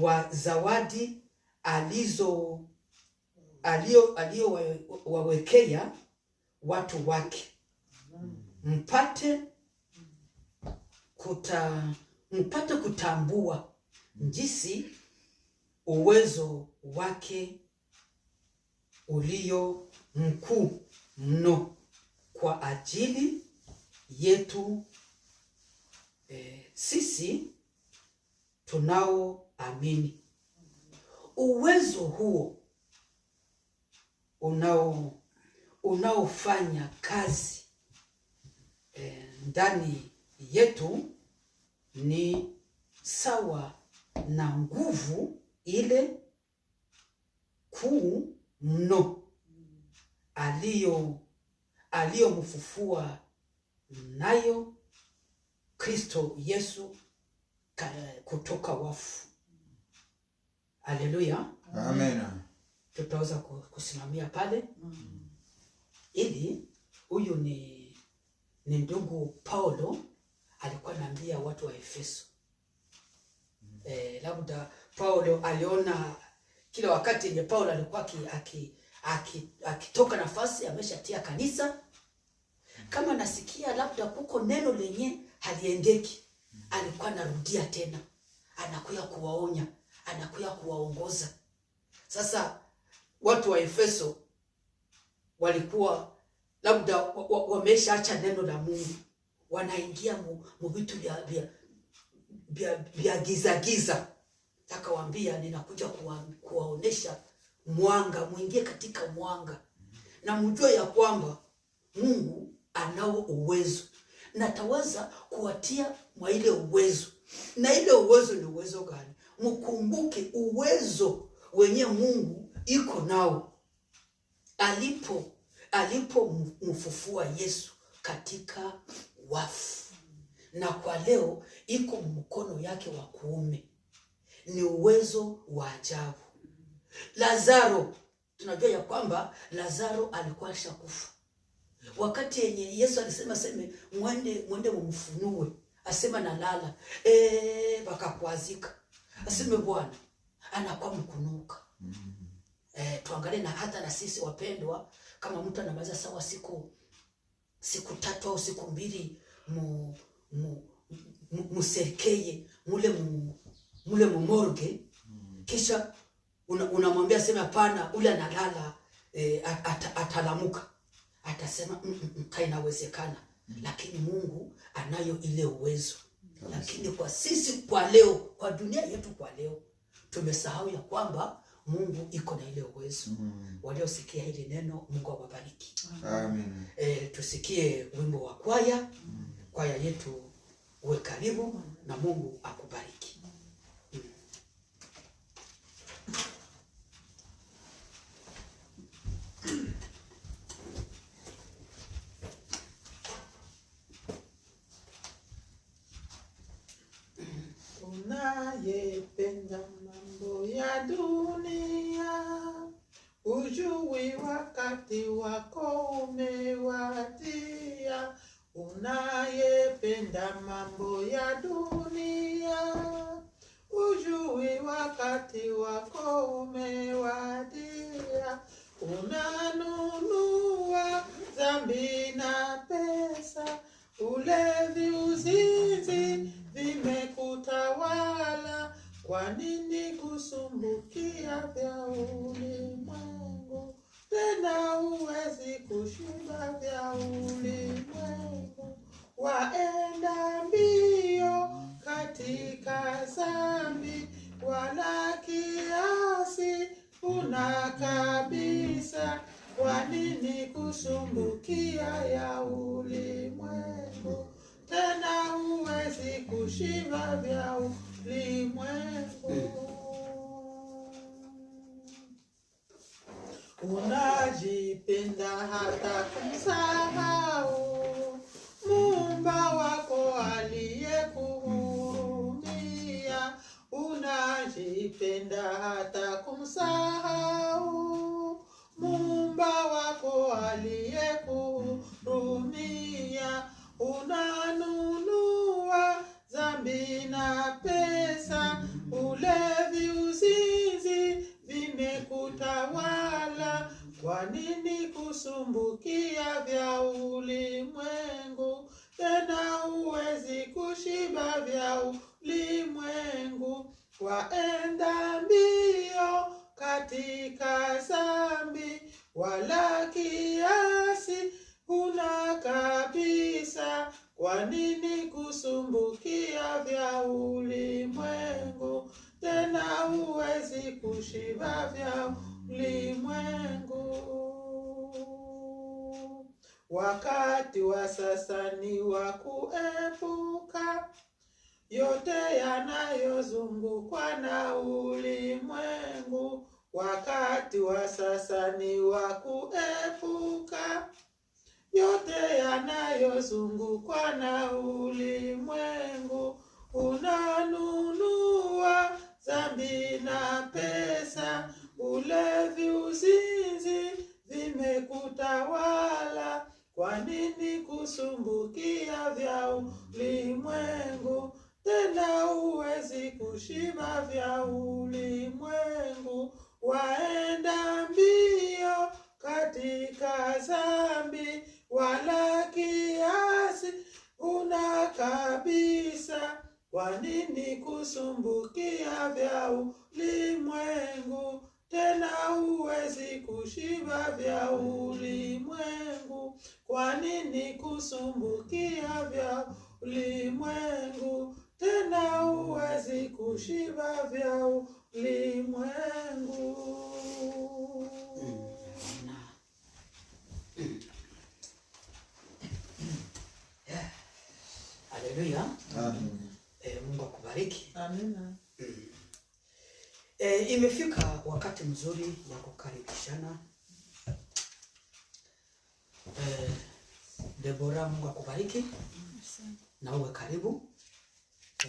wa zawadi alizo aliyowawekea wa, watu wake mpate kuta, mpate kutambua jinsi uwezo wake ulio mkuu mno kwa ajili yetu e, sisi tunao amini. Uwezo huo unao unaofanya kazi e, ndani yetu ni sawa na nguvu ile kuu mno aliyo aliyomfufua nayo Kristo Yesu eh, kutoka wafu. Haleluya, amen. Tutaweza kusimamia pale mm. Ili huyu ni ni ndugu Paulo alikuwa anaambia watu wa Efeso mm. Eh, labda Paulo aliona kila wakati yenye Paulo alikuwa aki, aki, akitoka nafasi ameshatia kanisa mm. kama nasikia labda kuko neno lenye haliendeki, mm. alikuwa anarudia tena, anakuya kuwaonya anakuya kuwaongoza. Sasa watu wa Efeso walikuwa labda wameshaacha neno la Mungu, wanaingia mu vitu vya giza giza. Takawaambia ninakuja kuwa, kuwaonesha mwanga, muingie katika mwanga na mjue ya kwamba Mungu anao uwezo na kuwatia mwa ile uwezo. Na ile uwezo ni uwezo gani? mkumbuke uwezo wenye Mungu iko nao alipo alipomfufua Yesu katika wafu, na kwa leo iko mkono yake wa kuume. Ni uwezo wa ajabu. Lazaro, tunajua ya kwamba Lazaro alikuwa alishakufa wakati yenye Yesu alisema seme mwende mwende mumfunue, asema nalala, eh, ee, bakakwazika aseme Bwana anakuwa mkunuka. mm eh, -hmm. E, tuangalie na hata na sisi wapendwa, kama mtu anamaliza sawa siku siku tatu au siku mbili, mu, mu, mu, muserkeye mule mu, mule mumorge mm -hmm. kisha unamwambia una sema hapana, ule analala e, at, atalamuka atasema mm, mm, mm kainawezekana. mm -hmm. Lakini Mungu anayo ile uwezo lakini kwa sisi kwa leo, kwa dunia yetu kwa leo, tumesahau ya kwamba Mungu iko na ile uwezo. Mm. Waliosikia hili neno, Mungu awabariki. Amen. E, tusikie wimbo wa kwaya, mm. kwaya yetu uwe karibu na Mungu akubariki. Tunayependa mambo ya dunia, hujui wakati wako umewadia. Unayependa mambo ya dunia, hujui wakati wako umewadia. Unanunua dhambi na pesa, ulevi uzi Kwa nini kusumbukia vya ulimwengu? Tena uwezi kushiba vya ulimwengu. Waenda mbio katika zambi, wana kiasi una kabisa. Kwa nini kusumbukia ya ulimwengu? Tena uwezi kushiba vya ulimwengu ulimwengu eh. unajipenda hata kumsahau mumba wako aliyekuhurumia, unajipenda hata kumsahau mumba wako aliyekuhurumia, unanunua dhambi na kukumbukia vya ulimwengu, tena huwezi kushiba vya ulimwengu. Waenda mbio katika zambi, wala kiasi huna kabisa. Kwa nini kusumbukia vya ulimwengu, tena huwezi kushiba vya ulimwengu? Wakati wa sasa ni wa kuepuka yote yanayozungukwa na ulimwengu. Wakati wa sasa ni wa kuepuka yote yanayozungukwa na ulimwengu. Unanunua dhambi na pesa, ulevi, uzinzi kusumbukia vya ulimwengu, tena uwezi kushiba vya ulimwengu. Waenda mbio katika zambi wala kiasi una kabisa. Kwa nini kusumbukia vya ulimwengu, tena uwezi kushiba vya ulimwengu? Kwa nini kusumbukia vya ulimwengu, tena uwezi kushiba vya ulimwengu? Haleluya! E, eh, Mungu akubariki. Amina. E, eh, imefika wakati mzuri wa kukaribishana e, Debora, Mungu akubariki na uwe karibu